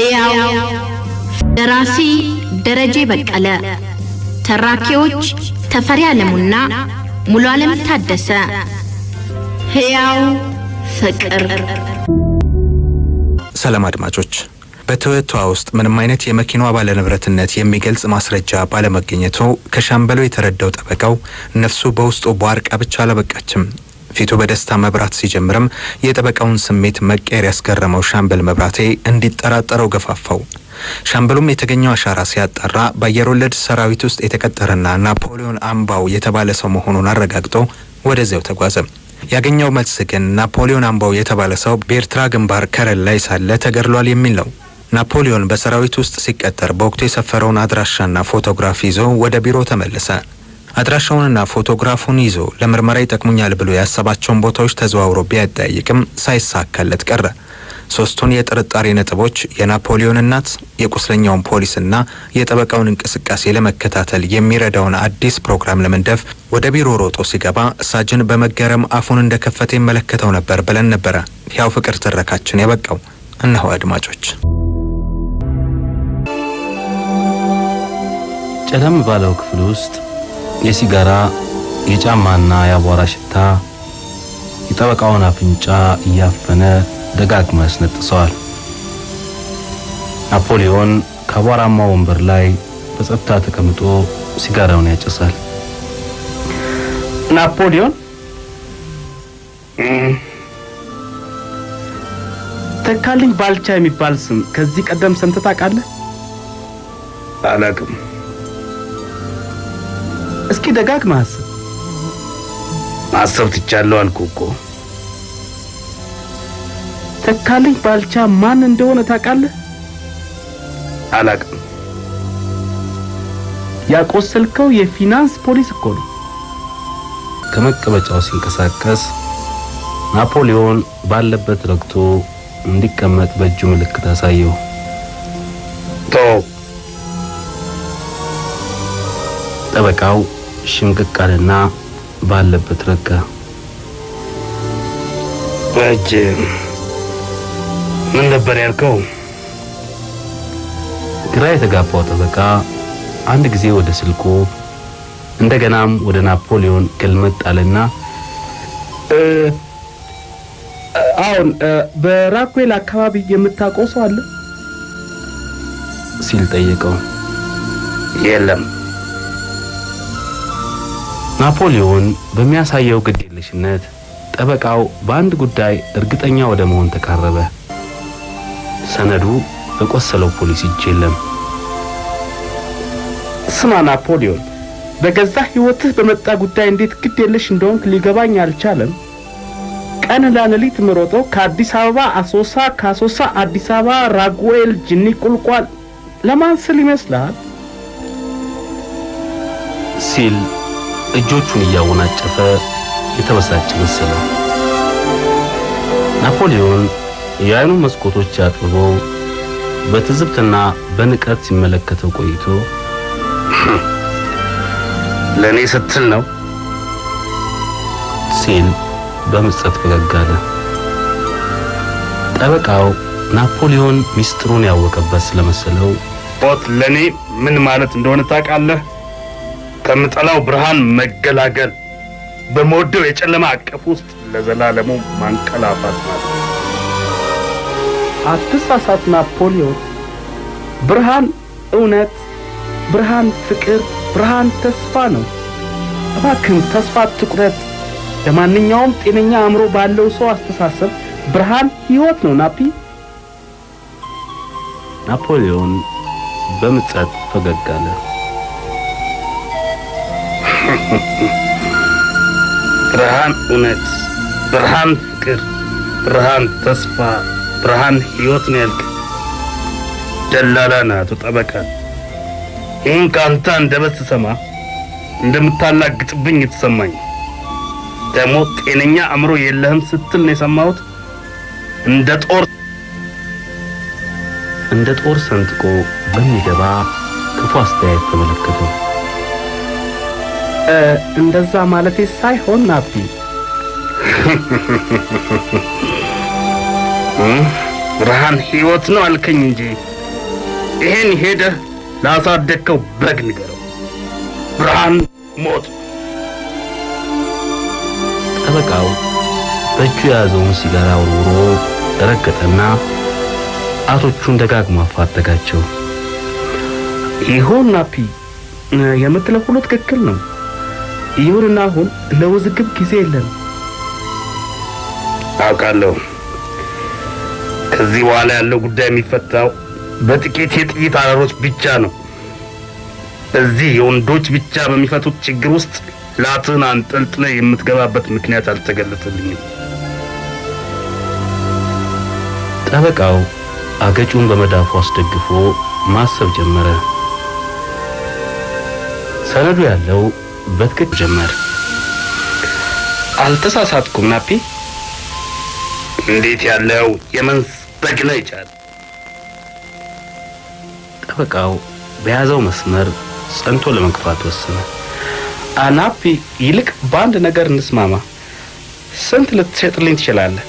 ሕያው ደራሲ ደረጀ በቀለ፣ ተራኪዎች ተፈሪ ዓለሙና ሙሉ ዓለም ታደሰ። ሕያው ፍቅር። ሰላም አድማጮች፣ በትውቷ ውስጥ ምንም አይነት የመኪናዋ ባለንብረትነት የሚገልጽ ማስረጃ ባለመገኘቱ ከሻምበሎ የተረዳው ጠበቃው ነፍሱ በውስጡ በዋርቃ ብቻ አላበቃችም ፊቱ በደስታ መብራት ሲጀምርም የጠበቃውን ስሜት መቀየር ያስገረመው ሻምበል መብራቴ እንዲጠራጠረው ገፋፋው። ሻምበሉም የተገኘው አሻራ ሲያጣራ በአየር ወለድ ሰራዊት ውስጥ የተቀጠረና ናፖሊዮን አምባው የተባለ ሰው መሆኑን አረጋግጦ ወደዚያው ተጓዘ። ያገኘው መልስ ግን ናፖሊዮን አምባው የተባለ ሰው በኤርትራ ግንባር ከረል ላይ ሳለ ተገድሏል የሚል ነው። ናፖሊዮን በሰራዊት ውስጥ ሲቀጠር በወቅቱ የሰፈረውን አድራሻና ፎቶግራፍ ይዞ ወደ ቢሮ ተመለሰ። አድራሻውንና ፎቶግራፉን ይዞ ለምርመራ ይጠቅሙኛል ብሎ ያሰባቸውን ቦታዎች ተዘዋውሮ ቢያጠያይቅም ሳይሳካለት ቀረ። ሶስቱን የጥርጣሬ ነጥቦች የናፖሊዮን እናት፣ የቁስለኛውን ፖሊስና የጠበቃውን እንቅስቃሴ ለመከታተል የሚረዳውን አዲስ ፕሮግራም ለመንደፍ ወደ ቢሮ ሮጦ ሲገባ ሳጅን በመገረም አፉን እንደከፈተ ይመለከተው ነበር ብለን ነበረ። ያው ፍቅር ትረካችን ያበቃው እነሆ አድማጮች። ጨለም ባለው ክፍል ውስጥ የሲጋራ የጫማና የአቧራ ሽታ የጠበቃውን አፍንጫ እያፈነ ደጋግማ ያስነጥሰዋል። ናፖሊዮን ከአቧራማ ወንበር ላይ በጸጥታ ተቀምጦ ሲጋራውን ያጨሳል። ናፖሊዮን ተካልኝ ባልቻ የሚባል ስም ከዚህ ቀደም ሰምተህ ታውቃለህ? እስኪ ደጋግ አስብ። ማሰብ ትቻለሁ አልኩህ እኮ። ተካልኝ ባልቻ ማን እንደሆነ ታውቃለህ? አላቅም። ያቆሰልከው የፊናንስ ፖሊስ እኮ ነው። ከመቀመጫው ሲንቀሳቀስ ናፖሊዮን ባለበት ረግቶ እንዲቀመጥ በእጁ ምልክት አሳየው። ጠበቃው ሽምቅቅ አለና ባለበት ረጋ። በእጅ ምን ነበር ያልከው? ግራ የተጋባው ጠበቃ አንድ ጊዜ ወደ ስልኩ እንደገናም ወደ ናፖሊዮን ገልመጥ አለና አሁን በራኩዌል አካባቢ የምታውቀው ሰው አለ ሲል ጠየቀው። የለም ናፖሊዮን በሚያሳየው ግዴለሽነት ጠበቃው በአንድ ጉዳይ እርግጠኛ ወደ መሆን ተቃረበ። ሰነዱ በቆሰለው ፖሊስ እጅ የለም። ስማ ናፖሊዮን፣ በገዛ ሕይወትህ በመጣ ጉዳይ እንዴት ግዴለሽ እንደሆንክ ሊገባኝ አልቻለም። ቀን ላሌሊት ምሮጦ ከአዲስ አበባ አሶሳ፣ ከአሶሳ አዲስ አበባ ራጉኤል፣ ጅኒ ቁልቋል ለማን ስል ይመስልሃል? ሲል እጆቹን እያወናጨፈ የተበሳጨ መሰለ። ናፖሊዮን የአይኑ መስኮቶች አጥብቦ በትዝብትና በንቀት ሲመለከተው ቆይቶ ለእኔ ስትል ነው ሲል በምጸት ፈገግ አለ። ጠበቃው ናፖሊዮን ሚስጥሩን ያወቀበት ስለመሰለው ቦት ለእኔ ምን ማለት እንደሆነ ታውቃለህ? ከምጠላው ብርሃን መገላገል በመወደው የጨለማ አቀፍ ውስጥ ለዘላለሙ ማንቀላፋት ማለት አትሳሳት ናፖሊዮን። ብርሃን እውነት፣ ብርሃን ፍቅር፣ ብርሃን ተስፋ ነው። እባክህም ተስፋ ትቁረጥ። ለማንኛውም ጤነኛ አእምሮ ባለው ሰው አስተሳሰብ ብርሃን ሕይወት ነው። ናፒ ናፖሊዮን በምጸት ፈገግ አለ። ብርሃን እውነት፣ ብርሃን ፍቅር፣ ብርሃን ተስፋ፣ ብርሃን ሕይወት ነው ያልክ። ደላላ ናቱ ጠበቃ ይህን ካንተ አንደበት ስሰማ እንደምታላግጥብኝ የተሰማኝ ደግሞ ጤነኛ አእምሮ የለህም ስትል ነው የሰማሁት። እንደ ጦር እንደ ጦር ሰንጥቆ በሚገባ ክፉ አስተያየት ተመለከተው። እንደዛ ማለቴ ሳይሆን ናቢ ብርሃን ህይወት ነው አልከኝ እንጂ ይሄን ሄደህ ላሳደግከው በግ ንገረው። ብርሃን ሞት። ጠበቃው በእጁ የያዘውን ሲጋራ አውርውሮ ረገጠና ጣቶቹን ደጋግሞ አፋጠጋቸው። ይሆን ናፒ፣ የምትለው ሁሉ ትክክል ነው። ይሁንና አሁን ለውዝግብ ጊዜ የለም። አውቃለሁ። ከዚህ በኋላ ያለው ጉዳይ የሚፈታው በጥቂት የጥይት አረሮች ብቻ ነው። እዚህ የወንዶች ብቻ በሚፈቱት ችግር ውስጥ ላትን አንጠልጥለ የምትገባበት ምክንያት አልተገለጸልኝም። ጠበቃው አገጩን በመዳፉ አስደግፎ ማሰብ ጀመረ። ሰነዱ ያለው በትክክ ጀመር። አልተሳሳትኩም ናፒ። እንዴት ያለው የመንስ በግ ነው ይቻል። ጠበቃው በያዘው መስመር ጸንቶ ለመግፋት ወሰነ። አናፒ፣ ይልቅ በአንድ ነገር እንስማማ። ስንት ልትሸጥልኝ ትችላለህ?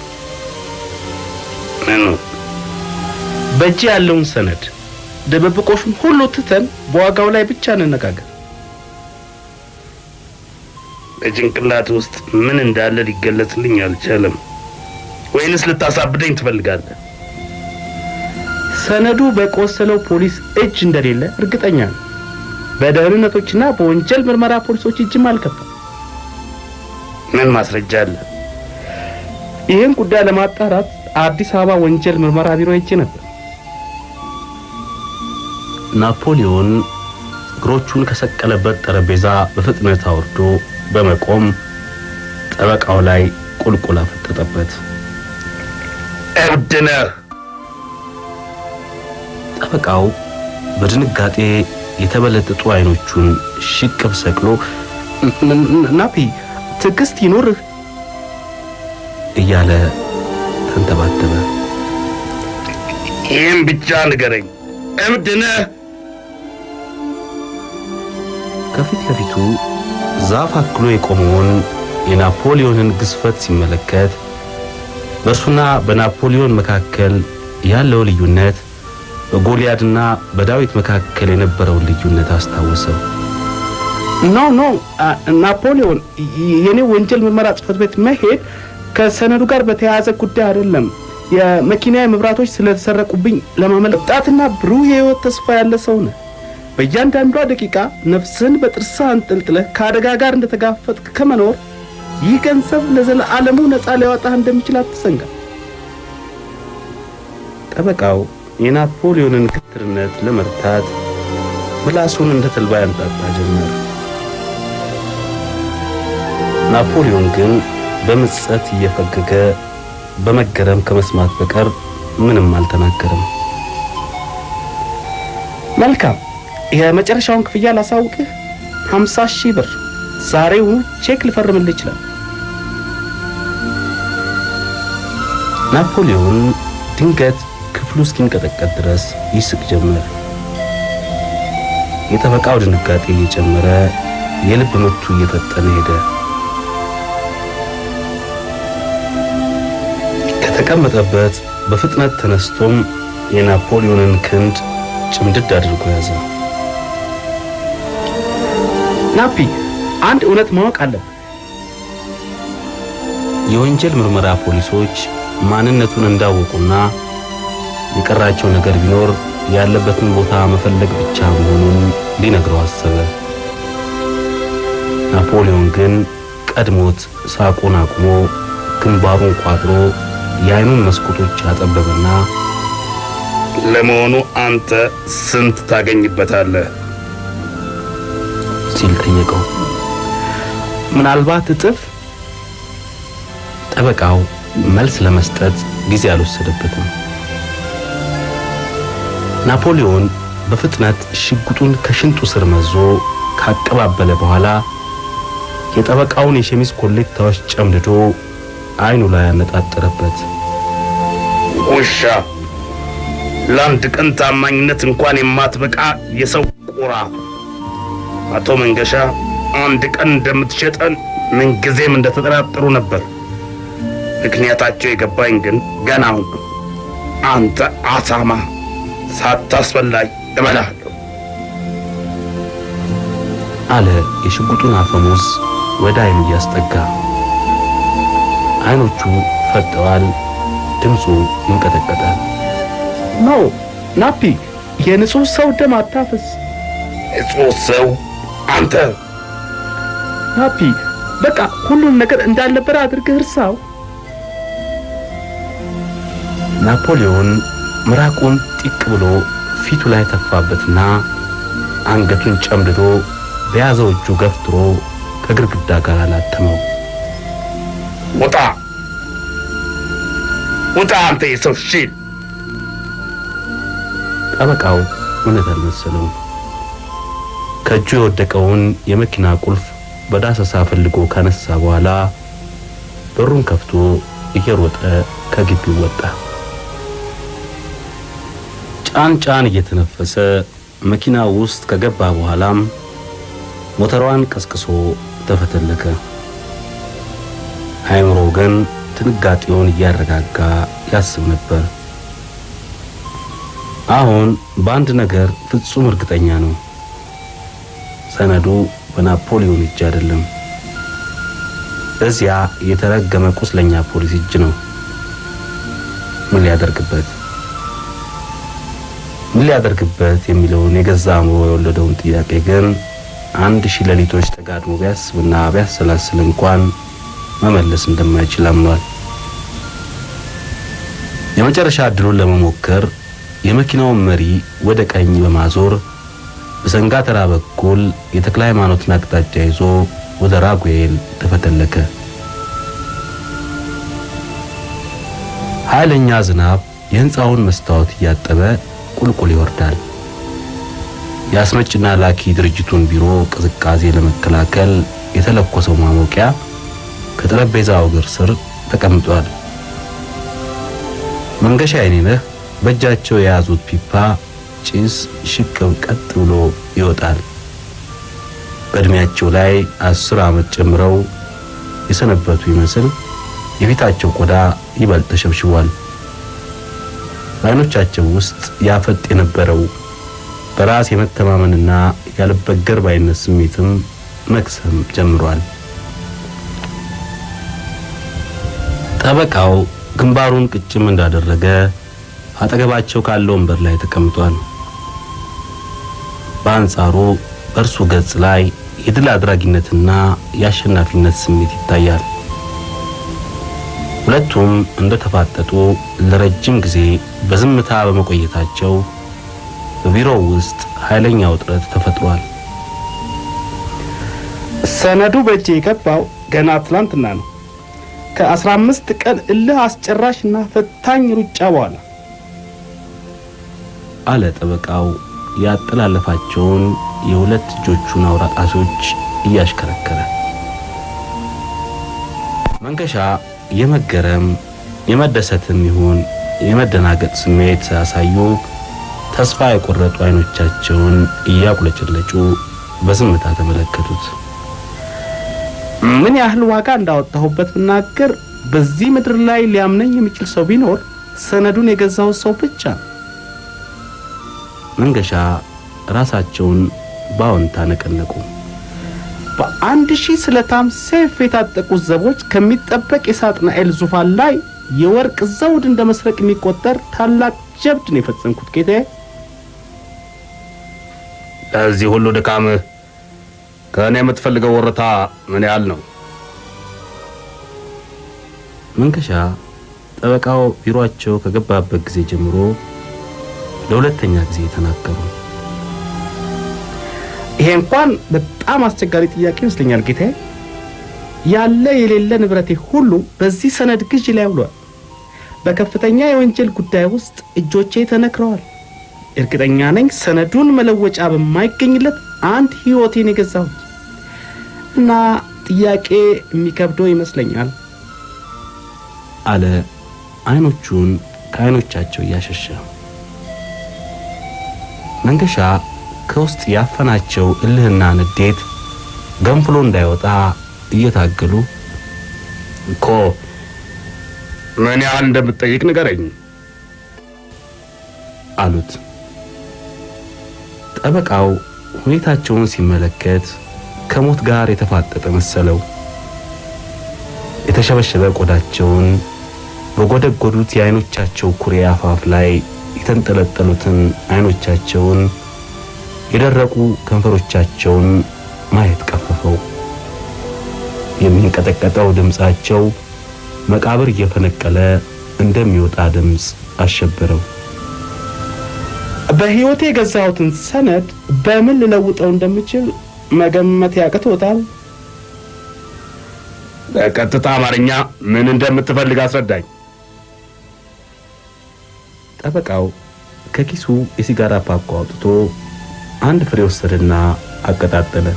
ምኑ? በእጅ ያለውን ሰነድ ድብብቆሹን ሁሉ ትተን በዋጋው ላይ ብቻ እንነጋገር። በጭንቅላት ውስጥ ምን እንዳለ ሊገለጽልኝ አልቻለም። ወይንስ ልታሳብደኝ ትፈልጋለህ? ሰነዱ በቆሰለው ፖሊስ እጅ እንደሌለ እርግጠኛ ነው። በደህንነቶችና በወንጀል ምርመራ ፖሊሶች እጅም አልገባም። ምን ማስረጃ አለ? ይህን ጉዳይ ለማጣራት አዲስ አበባ ወንጀል ምርመራ ቢሮ ሄጄ ነበር። ናፖሊዮን እግሮቹን ከሰቀለበት ጠረጴዛ በፍጥነት አውርዶ በመቆም ጠበቃው ላይ ቁልቁል አፈጠጠበት። እብድ ነህ! ጠበቃው በድንጋጤ የተበለጠጡ አይኖቹን ሽቅብ ሰቅሎ ናፒ ትዕግስት ይኖርህ እያለ ተንተባተበ። ይህም ብቻ ንገረኝ፣ እብድ ነህ? ከፊት ለፊቱ ዛፍ አክሎ የቆመውን የናፖሊዮንን ግዝፈት ሲመለከት በእርሱና በናፖሊዮን መካከል ያለው ልዩነት በጎልያድና በዳዊት መካከል የነበረውን ልዩነት አስታወሰው። ኖ ኖ ናፖሊዮን የኔ ወንጀል ምርመራ ጽህፈት ቤት መሄድ ከሰነዱ ጋር በተያያዘ ጉዳይ አይደለም። የመኪና መብራቶች ስለተሰረቁብኝ ለማመለጣትና ብሩህ የህይወት ተስፋ ያለ ሰው ነው። በእያንዳንዷ ደቂቃ ነፍስህን በጥርስህ አንጠልጥለህ ከአደጋ ጋር እንደተጋፈጥክ ከመኖር ይህ ገንዘብ ለዘለዓለሙ ነፃ ሊያወጣህ እንደሚችል አትሰንጋ። ጠበቃው የናፖሊዮንን ክትርነት ለመርታት ምላሱን እንደ ተልባ ያንጣጣ ጀመር። ናፖሊዮን ግን በምጸት እየፈገገ በመገረም ከመስማት በቀር ምንም አልተናገረም። መልካም የመጨረሻውን ክፍያ ላሳውቅህ፣ 50 ሺህ ብር ዛሬው ቼክ ልፈርምልህ ይችላል። ናፖሊዮን ድንገት ክፍሉ እስኪንቀጠቀጥ ድረስ ይስቅ ጀመር። የጠበቃው ድንጋጤ እየጨመረ የልብ ምቱ እየፈጠነ ሄደ። ከተቀመጠበት በፍጥነት ተነስቶም የናፖሊዮንን ክንድ ጭምድድ አድርጎ ያዘ። ናፒ አንድ እውነት ማወቅ አለ። የወንጀል ምርመራ ፖሊሶች ማንነቱን እንዳወቁና የቀራቸው ነገር ቢኖር ያለበትን ቦታ መፈለግ ብቻ መሆኑን ሊነግረው አሰበ። ናፖሊዮን ግን ቀድሞት ሳቁን አቁሞ ግንባሩን ቋጥሮ የአይኑን መስኮቶች አጠበበና ለመሆኑ አንተ ስንት ታገኝበታለህ? ሲል ጠየቀው። ምናልባት እጥፍ። ጠበቃው መልስ ለመስጠት ጊዜ አልወሰደበትም። ናፖሊዮን በፍጥነት ሽጉጡን ከሽንጡ ስር መዞ ካቀባበለ በኋላ የጠበቃውን የሸሚዝ ኮሌታዎች ጨምድዶ አይኑ ላይ ያነጣጠረበት። ውሻ ለአንድ ቀን ታማኝነት እንኳን የማትበቃ የሰው ቁራ አቶ መንገሻ አንድ ቀን እንደምትሸጠን ምንጊዜም እንደተጠራጠሩ ነበር። ምክንያታቸው የገባኝ ግን ገና አሁን አንተ አሳማ ሳታስፈላጊ እበላለሁ አለ። የሽጉጡን አፈሙዝ ወደ አይኑ እያስጠጋ አይኖቹ ፈጠዋል። ድምፁ ይንቀጠቀጣል። ኖ ናፒ፣ የንጹሕ ሰው ደም አታፍስ። ንጹሕ ሰው አንተ ፓፒ፣ በቃ ሁሉም ነገር እንዳልነበረ አድርገህ እርሳው። ናፖሊዮን ምራቁን ጢቅ ብሎ ፊቱ ላይ ተፋበትና አንገቱን ጨምድዶ በያዘው እጁ ገፍትሮ ከግድግዳ ጋር አላተመው። ውጣ ውጣ፣ አንተ የሰው ሺል! ጠበቃው እውነት አልመሰለውም። ከእጁ የወደቀውን የመኪና ቁልፍ በዳሰሳ ፈልጎ ካነሳ በኋላ በሩን ከፍቶ እየሮጠ ከግቢው ወጣ። ጫን ጫን እየተነፈሰ መኪና ውስጥ ከገባ በኋላም ሞተሯን ቀስቅሶ ተፈተለከ። አእምሮ ግን ትንጋጤውን እያረጋጋ ያስብ ነበር። አሁን በአንድ ነገር ፍጹም እርግጠኛ ነው። ሰነዱ በናፖሊዮን እጅ አይደለም፣ እዚያ የተረገመ ቁስለኛ ፖሊስ እጅ ነው። ምን ሊያደርግበት ምን ሊያደርግበት የሚለውን የገዛ አእምሮ የወለደውን ጥያቄ ግን አንድ ሺህ ሌሊቶች ተጋድሞ ቢያስብና ቢያሰላስል እንኳን መመለስ እንደማይችል አምኗል። የመጨረሻ እድሉን ለመሞከር የመኪናውን መሪ ወደ ቀኝ በማዞር በሰንጋ ተራ በኩል የተክለ ሃይማኖትን አቅጣጫ ይዞ ወደ ራጉኤል ተፈተለከ። ኃይለኛ ዝናብ የሕንፃውን መስታወት እያጠበ ቁልቁል ይወርዳል። የአስመጭና ላኪ ድርጅቱን ቢሮ ቅዝቃዜ ለመከላከል የተለኮሰው ማሞቂያ ከጠረጴዛው እግር ስር ተቀምጧል። መንገሻ አይኔነህ በእጃቸው የያዙት ፒፓ ጭስ ሽቅብ ቀጥ ብሎ ይወጣል። በእድሜያቸው ላይ አስር ዓመት ጨምረው የሰነበቱ ይመስል የፊታቸው ቆዳ ይበልጥ ተሸብሽቧል። በአይኖቻቸው ውስጥ ያፈጥ የነበረው በራስ የመተማመንና ያልበገር ባይነት ስሜትም መክሰም ጀምሯል። ጠበቃው ግንባሩን ቅጭም እንዳደረገ አጠገባቸው ካለው ወንበር ላይ ተቀምጧል። በአንጻሩ በእርሱ ገጽ ላይ የድል አድራጊነትና የአሸናፊነት ስሜት ይታያል። ሁለቱም እንደተፋጠጡ ለረጅም ጊዜ በዝምታ በመቆየታቸው በቢሮው ውስጥ ኃይለኛ ውጥረት ተፈጥሯል። ሰነዱ በእጄ የገባው ገና ትላንትና ነው። ከአስራ አምስት ቀን እልህ አስጨራሽና ፈታኝ ሩጫ በኋላ አለ ጠበቃው ያጠላለፋቸውን የሁለት እጆቹን አውራ ጣቶች እያሽከረከረ መንከሻ የመገረም የመደሰትም ይሁን የመደናገጥ ስሜት ሳያሳዩ ተስፋ የቆረጡ አይኖቻቸውን እያቁለጨለጩ በዝምታ ተመለከቱት። ምን ያህል ዋጋ እንዳወጣሁበት ብናገር በዚህ ምድር ላይ ሊያምነኝ የሚችል ሰው ቢኖር ሰነዱን የገዛሁት ሰው ብቻ ነው። መንገሻ ራሳቸውን በአዎንታ ነቀነቁ። በአንድ ሺህ ስለታም ሰይፍ የታጠቁ ዘቦች ከሚጠበቅ የሳጥናኤል ዙፋን ላይ የወርቅ ዘውድ እንደ መስረቅ የሚቆጠር ታላቅ ጀብድ ነው የፈጸምኩት ጌታዬ። ለዚህ ሁሉ ድካም ከእኔ የምትፈልገው ወረታ ምን ያህል ነው? መንገሻ ጠበቃው ቢሮአቸው ከገባበት ጊዜ ጀምሮ ለሁለተኛ ጊዜ የተናገሩ። ይሄ እንኳን በጣም አስቸጋሪ ጥያቄ ይመስለኛል። ጌታ ያለ የሌለ ንብረቴ ሁሉ በዚህ ሰነድ ግዢ ላይ ውሏል። በከፍተኛ የወንጀል ጉዳይ ውስጥ እጆቼ ተነክረዋል። እርግጠኛ ነኝ ሰነዱን መለወጫ በማይገኝለት አንድ ሕይወቴን የገዛሁት እና ጥያቄ የሚከብደው ይመስለኛል አለ አይኖቹን ከአይኖቻቸው እያሸሸ መንገሻ ከውስጥ ያፈናቸው እልህና ንዴት ገንፍሎ እንዳይወጣ እየታገሉ እኮ ምን ያህል እንደምትጠይቅ ንገረኝ አሉት። ጠበቃው ሁኔታቸውን ሲመለከት ከሞት ጋር የተፋጠጠ መሰለው። የተሸበሸበ ቆዳቸውን በጎደጎዱት የዓይኖቻቸው ኩሬ አፋፍ ላይ የተንጠለጠሉትን አይኖቻቸውን፣ የደረቁ ከንፈሮቻቸውን ማየት ቀፈፈው። የሚንቀጠቀጠው ድምፃቸው መቃብር እየፈነቀለ እንደሚወጣ ድምፅ አሸበረው። በሕይወቴ የገዛሁትን ሰነድ በምን ልለውጠው እንደምችል መገመት ያቅቶታል። በቀጥታ አማርኛ ምን እንደምትፈልግ አስረዳኝ። ጠበቃው ከኪሱ የሲጋራ ፓኮ አውጥቶ አንድ ፍሬ ወሰደና አቀጣጠለ።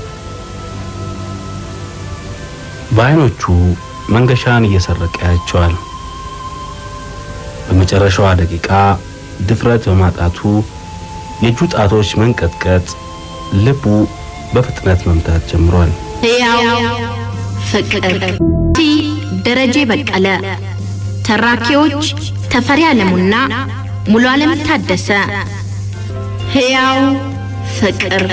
በአይኖቹ መንገሻን እየሰረቀ ያያቸዋል። በመጨረሻዋ ደቂቃ ድፍረት በማጣቱ የእጁ ጣቶች መንቀጥቀጥ፣ ልቡ በፍጥነት መምታት ጀምሯል። ፍቅር ደረጀ በቀለ፣ ተራኪዎች ተፈሪ አለሙና ሙሉ ዓለም ታደሰ ህያው ፍቅር